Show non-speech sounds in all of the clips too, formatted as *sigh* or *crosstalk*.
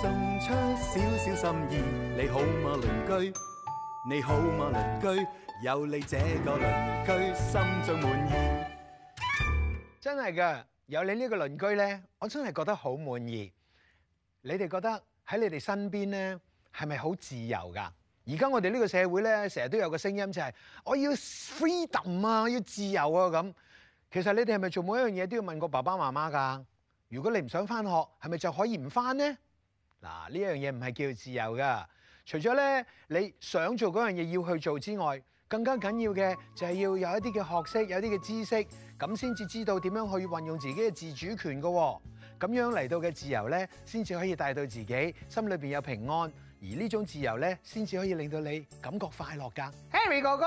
送出少少心意，你好嗎，鄰居？你好嗎，鄰居？有你這個鄰居，心中滿意真係噶。有你呢個鄰居咧，我真係覺得好滿意。你哋覺得喺你哋身邊咧，係咪好自由噶？而家我哋呢個社會咧，成日都有個聲音就係我要 freedom 啊，我要自由啊咁。其實你哋係咪做每一樣嘢都要問過爸爸媽媽噶？如果你唔想翻學，係咪就可以唔翻呢？嗱，呢樣嘢唔係叫自由㗎，除咗咧你想做嗰樣嘢要去做之外，更加緊要嘅就係要有一啲嘅學識、有啲嘅知識，咁先至知道點樣去運用自己嘅自主權㗎喎。咁樣嚟到嘅自由咧，先至可以帶到自己心裏邊有平安。而呢種自由咧，先至可以令到你感覺快樂㗎。Harry 哥哥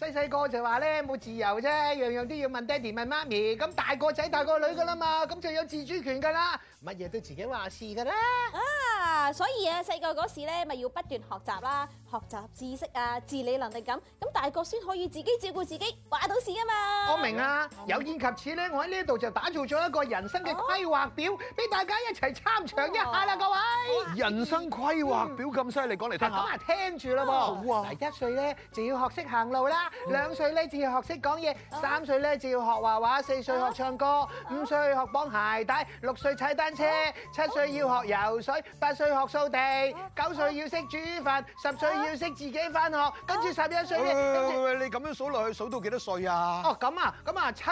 細細個就話咧冇自由啫，樣樣都要問爹哋問媽咪。咁大個仔大個女㗎啦嘛，咁就有自主權㗎啦，乜嘢都自己話事㗎啦。啊啊，所以啊，細個嗰時咧，咪要不斷學習啦，學習知識啊，自理能力咁，咁大個先可以自己照顧自己，話到事噶、啊、嘛、啊嗯。我明啊，有見及此咧，我喺呢度就打造咗一個人生嘅規劃表，俾、哦、大家一齊參詳一下啦、啊，各位。人生規劃表咁犀利，講嚟聽下。咁啊、嗯，聽住啦噃。好啊、嗯。第一歲咧就要學識行路啦，兩歲咧就要學識講嘢，哦、三歲咧就要學畫畫，四歲學唱歌，哦、五歲學綁鞋帶，六歲踩單車，七歲要學游、嗯、水，八歲。八歲歲學掃地，九歲要識煮飯，十歲要識自己翻學，跟住十一歲你咁樣數落去數到幾多歲、哦、啊？哦，咁啊，咁啊，七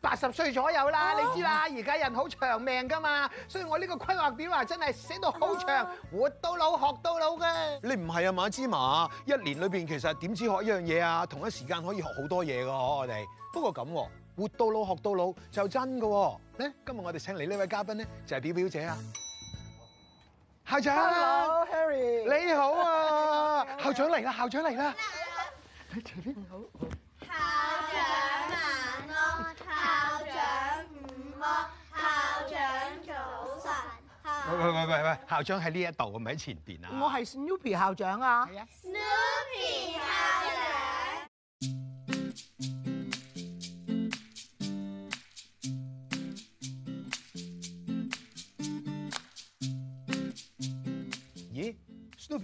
八十歲左右啦，啊、你知啦、啊，而家人好長命噶嘛，所以我呢個規劃表啊，真係寫到好長，活到老學到老嘅。你唔係啊，馬芝麻，一年裏邊其實點知學一樣嘢啊？同一時間可以學好多嘢噶，我哋。不過咁喎，活到老學到老就真噶喎。咧，今日我哋請嚟呢位嘉賓咧，就係、是、表表姐啊。校長，Hello Harry，你好啊！校長嚟啦！校長嚟啦！你好，校長晚安，校長午安，校長早晨。喂喂喂喂喂，校長喺呢一度啊，唔喺前邊啊？我係 Snoopy 校長啊。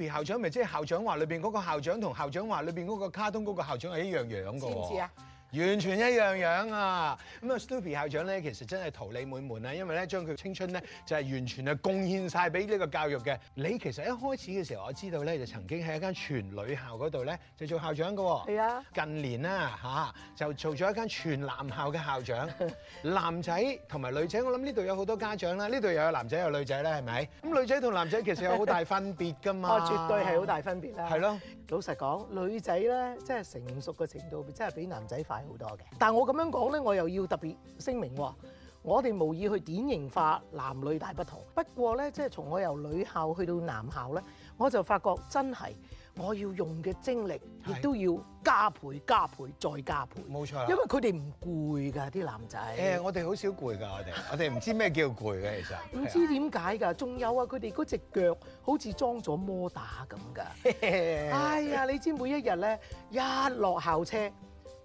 校長咪即係校長話裏邊嗰個校長，同校長話裏邊嗰個卡通嗰個校長係一樣樣㗎。知完全一樣樣啊！咁啊 Stupid 校長咧，其實真係桃李滿門啊，因為咧將佢青春咧就係、是、完全啊貢獻晒俾呢個教育嘅。你其實一開始嘅時候，我知道咧就曾經喺一間全女校嗰度咧就做校長嘅。係啊！啊近年啦、啊、嚇、啊、就做咗一間全男校嘅校長。 *laughs* 男仔同埋女仔，我諗呢度有好多家長啦、啊，呢度又有男仔有女仔啦、啊，係咪？咁女仔同男仔其實有好大分別㗎嘛。 *laughs* 哦，絕對係好大分別啦、啊。係咯、啊。老實講，女仔咧即係成熟嘅程度，即係比男仔係好多嘅，但係我咁樣講咧，我又要特別聲明話，我哋無意去典型化男女大不同。不過咧，即係從我由女校去到男校咧，我就發覺真係我要用嘅精力亦都要加倍、加倍再加倍。冇錯啦，因為佢哋唔攰噶，啲男仔。誒、欸，我哋好少攰噶，我哋我哋唔知咩叫攰嘅， *laughs* 其實。唔知點解噶，仲有啊，佢哋嗰隻腳好似裝咗摩打咁噶。 *laughs* 哎呀，你知每一日咧，一落校車。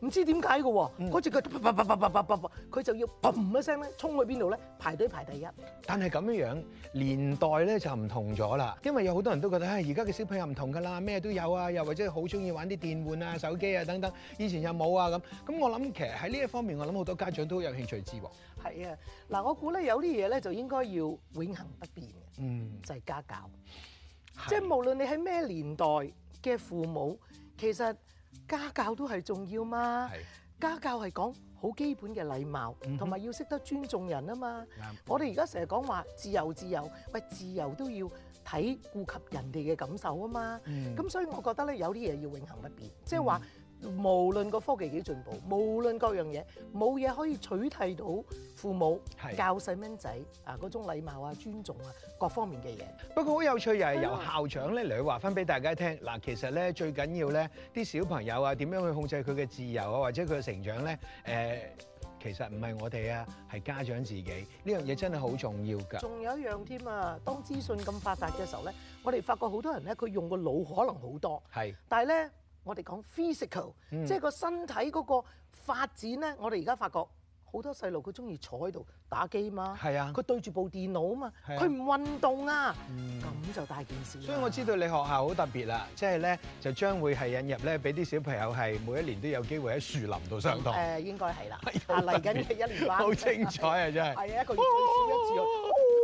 唔知點解嘅喎，只佢佢就要砰一聲咧，衝去邊度咧？排隊排第一。但係咁樣樣年代咧就唔同咗啦，因為有好多人都覺得，唉，而家嘅小朋友唔同㗎啦，咩都有啊，又或者好鍾意玩啲電玩啊、手機啊等等，以前又冇啊咁。咁我諗其實喺呢一方面，我諗好多家長都有興趣知喎。係啊，嗱、呃，我估咧有啲嘢咧就應該要永恆不變嘅，嗯，就係家教，是即係無論你喺咩年代嘅父母，其實。家教都係重要嘛，是家教係講好基本嘅禮貌，同埋、mm hmm. 要識得尊重人啊嘛。Mm hmm. 我哋而家成日講話自由自由，喂自由都要睇顧及人哋嘅感受啊嘛。咁、mm hmm. 所以我覺得咧，有啲嘢要永恆不變，即係話。Mm hmm. 無論個科技幾進步，無論各樣嘢，冇嘢可以取替到父母係，教細蚊仔啊嗰種禮貌啊、尊重啊各方面嘅嘢。不過好有趣，又係由校長咧嚟話翻俾大家聽。嗱，其實咧最緊要咧，啲小朋友啊點樣去控制佢嘅自由啊，或者佢嘅成長咧？誒，其實唔係我哋啊，係家長自己。呢樣嘢真係好重要㗎。仲有一樣添啊，當資訊咁發達嘅時候咧，我哋發覺好多人咧，佢用個腦可能好多，係，但係咧。我哋講 physical，即係個身體嗰個發展咧。我哋而家發覺好多細路佢鍾意坐喺度打機嘛，佢、啊、對住部電腦啊嘛，佢唔運動啊，咁、嗯、就大件事。所以我知道你學校好特別啦，即係咧就將會係引入咧，俾啲小朋友係每一年都有機會喺樹林度上堂。誒，應該係啦。嚟緊嘅一年班。好精彩啊！真係。係啊， *laughs* 一個月最少一次。 *laughs* 馬騮馬騮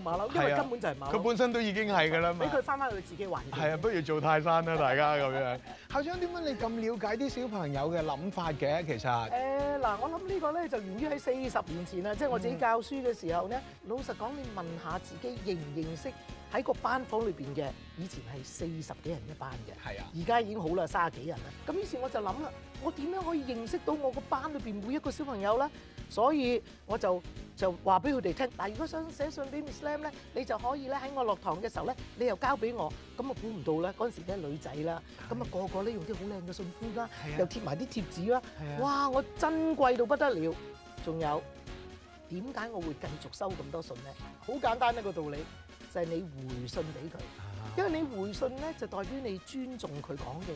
馬騮，因為根本就係馬騮。佢本身都已經係㗎啦。俾佢翻返去自己環境。係啊，不如做泰山啦， *laughs* 大家咁樣。 *laughs* 校長點解你咁了解啲小朋友嘅諗法嘅？ *laughs* 其實誒嗱、呃，我諗呢個咧就源於喺四十年前啦，即係、嗯、我自己教書嘅時候咧。嗯、老實講，你問下自己認唔認識喺個班房裏邊嘅？以前係四十幾人一班嘅，係啊的。而家已經好啦，三十幾人啦。咁於是我就諗啦，我點樣可以認識到我個班裏邊每一個小朋友咧？所以我就就話俾佢哋聽。嗱，如果想寫信俾 Miss Lam 咧，你就可以咧喺我落堂嘅時候咧，你又交俾我，咁啊估唔到啦，嗰陣時啲女仔啦，咁啊的個個咧用啲好靚嘅信封啦，的又貼埋啲貼紙啦，的哇！我珍貴到不得了，仲有點解我會繼續收咁多信咧？好簡單一個道理，就係、是、你回信俾佢。因為你回信咧，就代表你尊重佢講嘅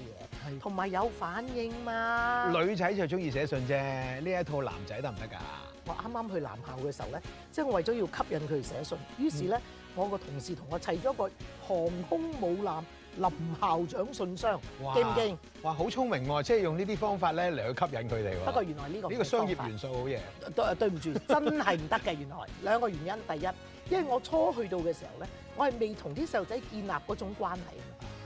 嘢，同埋係有，有反應嘛。女仔就中意寫信啫，呢一套男仔得唔得㗎？我啱啱去男校嘅時候咧，即係我為咗要吸引佢哋寫信，於是咧，嗯、我個同事同我砌咗個航空母艦。林校長信箱，驚唔驚？哇，好聰明喎，即係用呢啲方法咧嚟去吸引佢哋喎。不過原來呢個呢個商業元素好嘢。對，對唔住，真係唔得嘅。 *laughs* 原來兩個原因，第一，因為我初去到嘅時候咧，我係未同啲細路仔建立嗰種關係。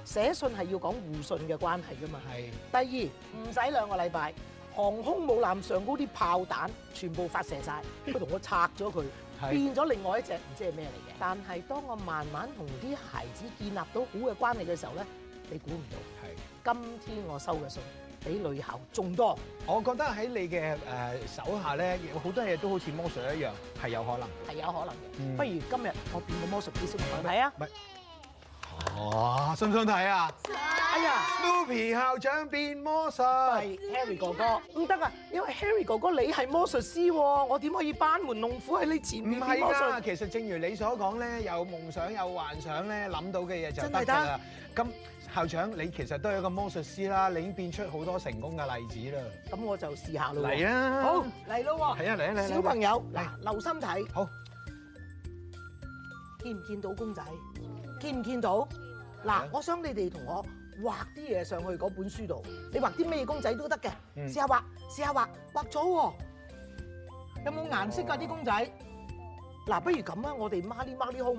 寫信係要講互信嘅關係㗎嘛。係是。第二，唔使兩個禮拜，航空母艦上嗰啲炮彈全部發射晒，佢同我拆咗佢。 *laughs* 變咗另外一隻，唔知係咩嚟嘅。但係當我慢慢同啲孩子建立到好嘅關係嘅時候咧，你估唔到。係，今天我收嘅信比女校仲多。我覺得喺你嘅誒手下咧，好多嘢都好似魔術一樣，係有可能，係有可能嘅。不如今日我變個魔術俾小朋友睇啊！哇！想唔想睇啊？想！哎呀，Snoopy 校長變魔術係 Harry 哥哥，唔得啊！因為 Harry 哥哥你係魔術師喎，我點可以班門弄斧喺你前面？唔係啦，其實正如你所講咧，有夢想有幻想咧，諗到嘅嘢就得㗎啦。真係得？咁校長你其實都係一個魔術師啦，你已經變出好多成功嘅例子啦。咁我就試下咯。嚟啊！好嚟咯喎！係啊，嚟啊嚟！小朋友嗱，留心睇。好，見唔見到公仔？見唔見到？嗱，我想你哋同我畫啲嘢上去嗰本書度，你畫啲咩公仔都得嘅，試下畫，試下畫，畫咗喎，有冇顏色㗎啲公仔？嗱，不如咁啊，我哋 mark 啲 mark 啲空，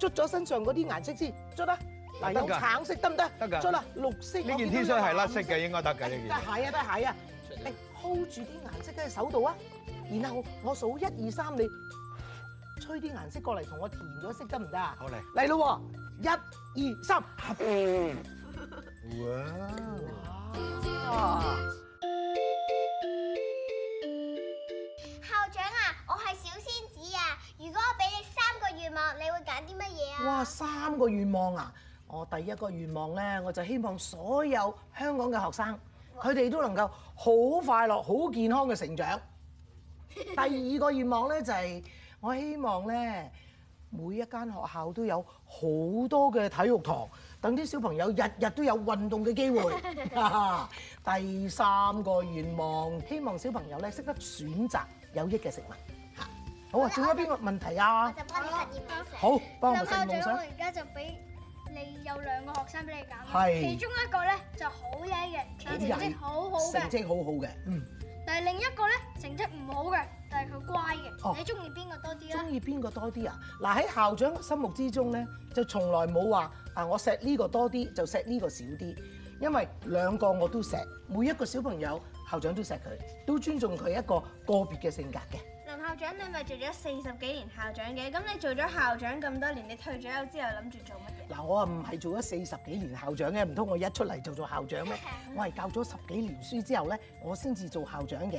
捽咗身上嗰啲顏色先，捽得，嗱，有橙色得唔得？得㗎，捽啦，綠色，呢件 T 恤係甩色嘅，應該得㗎，呢件，得蟹啊，得蟹啊，誒，hold 住啲顏色喺手度啊，然後我數一二三，你吹啲顏色過嚟同我填咗色得唔得啊？好嚟，嚟咯，一。二三，哇！哇哇校長啊，我係小仙子啊！如果我俾你三個願望，你會揀啲乜嘢啊？哇！三個願望啊！我第一個願望呢，我就希望所有香港嘅學生，佢哋哇都能夠好快樂、好健康嘅成長。 *laughs* 第二個願望呢，就係、係、我希望呢。每一間學校都有好多嘅體育堂，等啲小朋友日日都有運動嘅機會。第三個願望，希望小朋友咧識得選擇有益嘅食物。好啊，仲有邊個問題啊？好，幫你實驗。校長，我而家就俾你有兩個學生俾你揀，其中一個咧就好曳嘅，成績好好嘅，成績好好嘅，嗯。但係另一個咧成績唔好嘅。但係佢乖嘅，哦、你中意邊個多啲咧？中意邊個多啲啊？嗱、啊、喺校長心目之中咧，就從來冇話啊我錫呢個多啲，就錫呢個少啲，因為兩個我都錫，每一個小朋友校長都錫佢，都尊重佢一個個別嘅性格嘅。林校長你咪做咗四十幾年校長嘅，咁你做咗校長咁多年，你退咗休之後諗住做乜嘢？、啊？嗱我啊唔係做咗四十幾年校長嘅，唔通我一出嚟就做校長咩？ *laughs* 我係教咗十幾年書之後咧，我先至做校長嘅。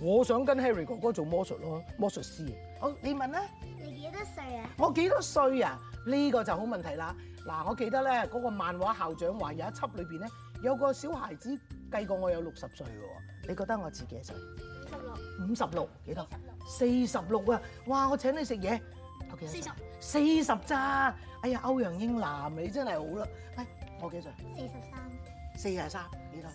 我想跟 Harry 哥哥做魔術咯，魔術師。好，你問啦。你幾多歲啊？我幾多歲啊？呢個就好問題啦。嗱，我記得咧，嗰個漫畫校長話有一輯裏邊咧，有個小孩子計過我有六十歲喎。你覺得我自己幾多歲？五十六。五十六？幾多？四十六啊！哇，我請你食嘢。幾多？四十。四十咋？哎呀，歐陽英男你真係好啦。喂，我幾多歲？四十三。四十三？幾多？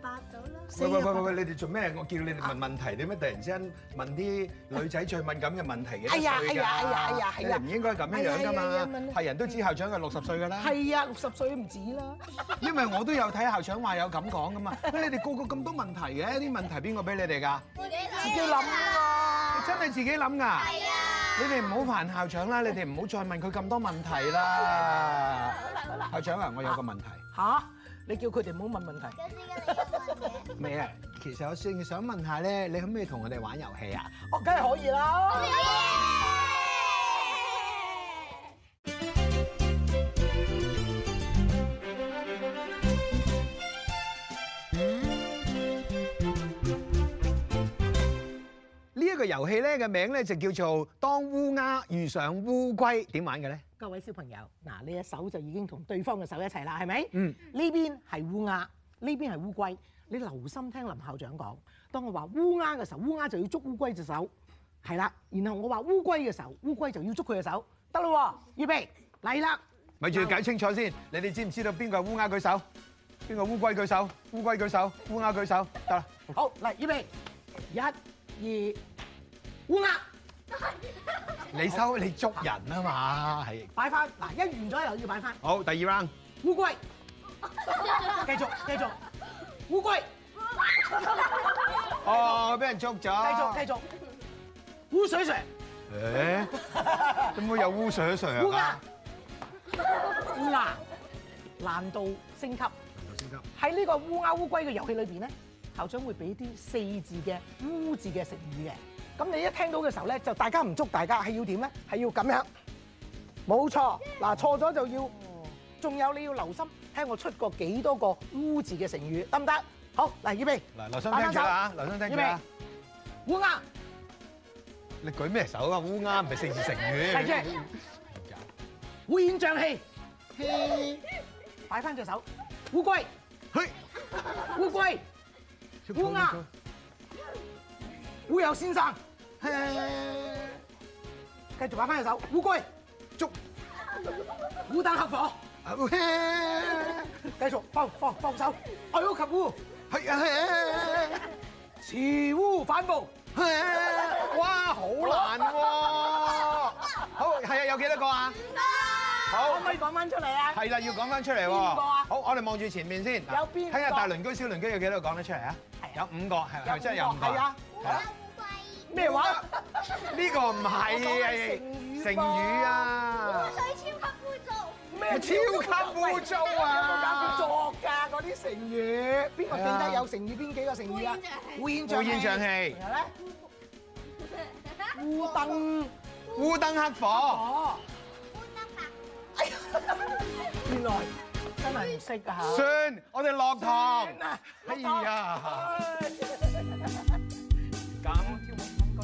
八到啦！喂喂喂喂喂，你哋做咩？我叫你哋問問題，點解突然之間問啲女仔最敏感嘅問題嘅？係呀，係呀，係呀，係呀，係呀，唔應該咁樣樣㗎嘛？係人都知校長係六十歲㗎啦。係啊，六十歲都唔止啦。因為我都有睇校長話有咁講㗎嘛。咁你哋個個咁多問題嘅，啲問題邊個俾你哋㗎？自己自己諗喎，真係自己諗㗎。係呀。你哋唔好煩校長啦，你哋唔好再問佢咁多問題啦。校長啊，我有個問題。嚇？你叫佢哋唔好問問題。未啊，其實我正想問下咧，你可唔可以同我哋玩遊戲啊？哦，梗係可以啦。 *music* 呢個遊戲咧個名咧就叫做當烏鴉遇上烏龜，點玩嘅咧？各位小朋友，嗱，你一手就已經同對方嘅手一齊啦，係咪？嗯。呢邊係烏鴉，呢邊係烏龜。你留心聽林校長講，當我話烏鴉嘅時候，烏鴉就要捉烏龜隻手，係啦。然後我話烏龜嘅時候，烏龜就要捉佢嘅手，得啦。預備，嚟啦。咪住，搞清楚先。你哋知唔知道邊個係烏鴉舉手？邊個烏龜舉手？烏龜舉手，烏鴉舉手，得啦。好，嚟，預備，一、二。烏鴉，你收你捉人啊嘛，係擺翻嗱，一完咗又要擺翻。好，第二 round。烏龜，繼續繼續，烏龜。哦，俾人捉咗。繼續繼續，烏水水。誒，點會有烏水水啊？烏鴉，烏鴉難度升級。難度升級。喺呢個烏鴉烏龜嘅遊戲裏邊咧，校長會俾啲四字嘅烏字嘅成語嘅。咁你一聽到嘅時候咧，就大家唔捉大家，係要點咧？係要咁樣，冇錯。嗱，錯咗就要。仲有你要留心，聽我出過幾多個烏字嘅成語，得唔得？好，嗱，準備。嗱，留心聽住啊！留心聽住啊！烏鴉。你舉咩手啊？烏鴉唔係四字成語。係嘅。烏煙瘴氣。擺翻隻手。烏龜。烏龜。烏鴉。烏有先生。繼續擺翻隻手，烏龜捉，烏燈黑火，繼續放放放手，愛屋及烏，係啊係啊，慈烏反哺，哇好難喎，好係啊，有幾多個啊？好，可唔可以講翻出嚟啊？係啦，要講翻出嚟喎。五個啊？好，我哋望住前面先，有邊個？睇下大鄰居小鄰居有幾多個講得出嚟啊？有五個係啦，即係有五個係啊。咩話？呢個唔係啊，成語啊。污水超級污糟。咩？超級污糟啊！有冇搞作噶嗰啲成語，邊個記得有成語邊幾個成語啊？烏演做現場戲。然後咧？烏燈烏燈黑火。烏燈白哎呀！原來真係唔識噶吓。算，我哋落堂。哎呀！咁。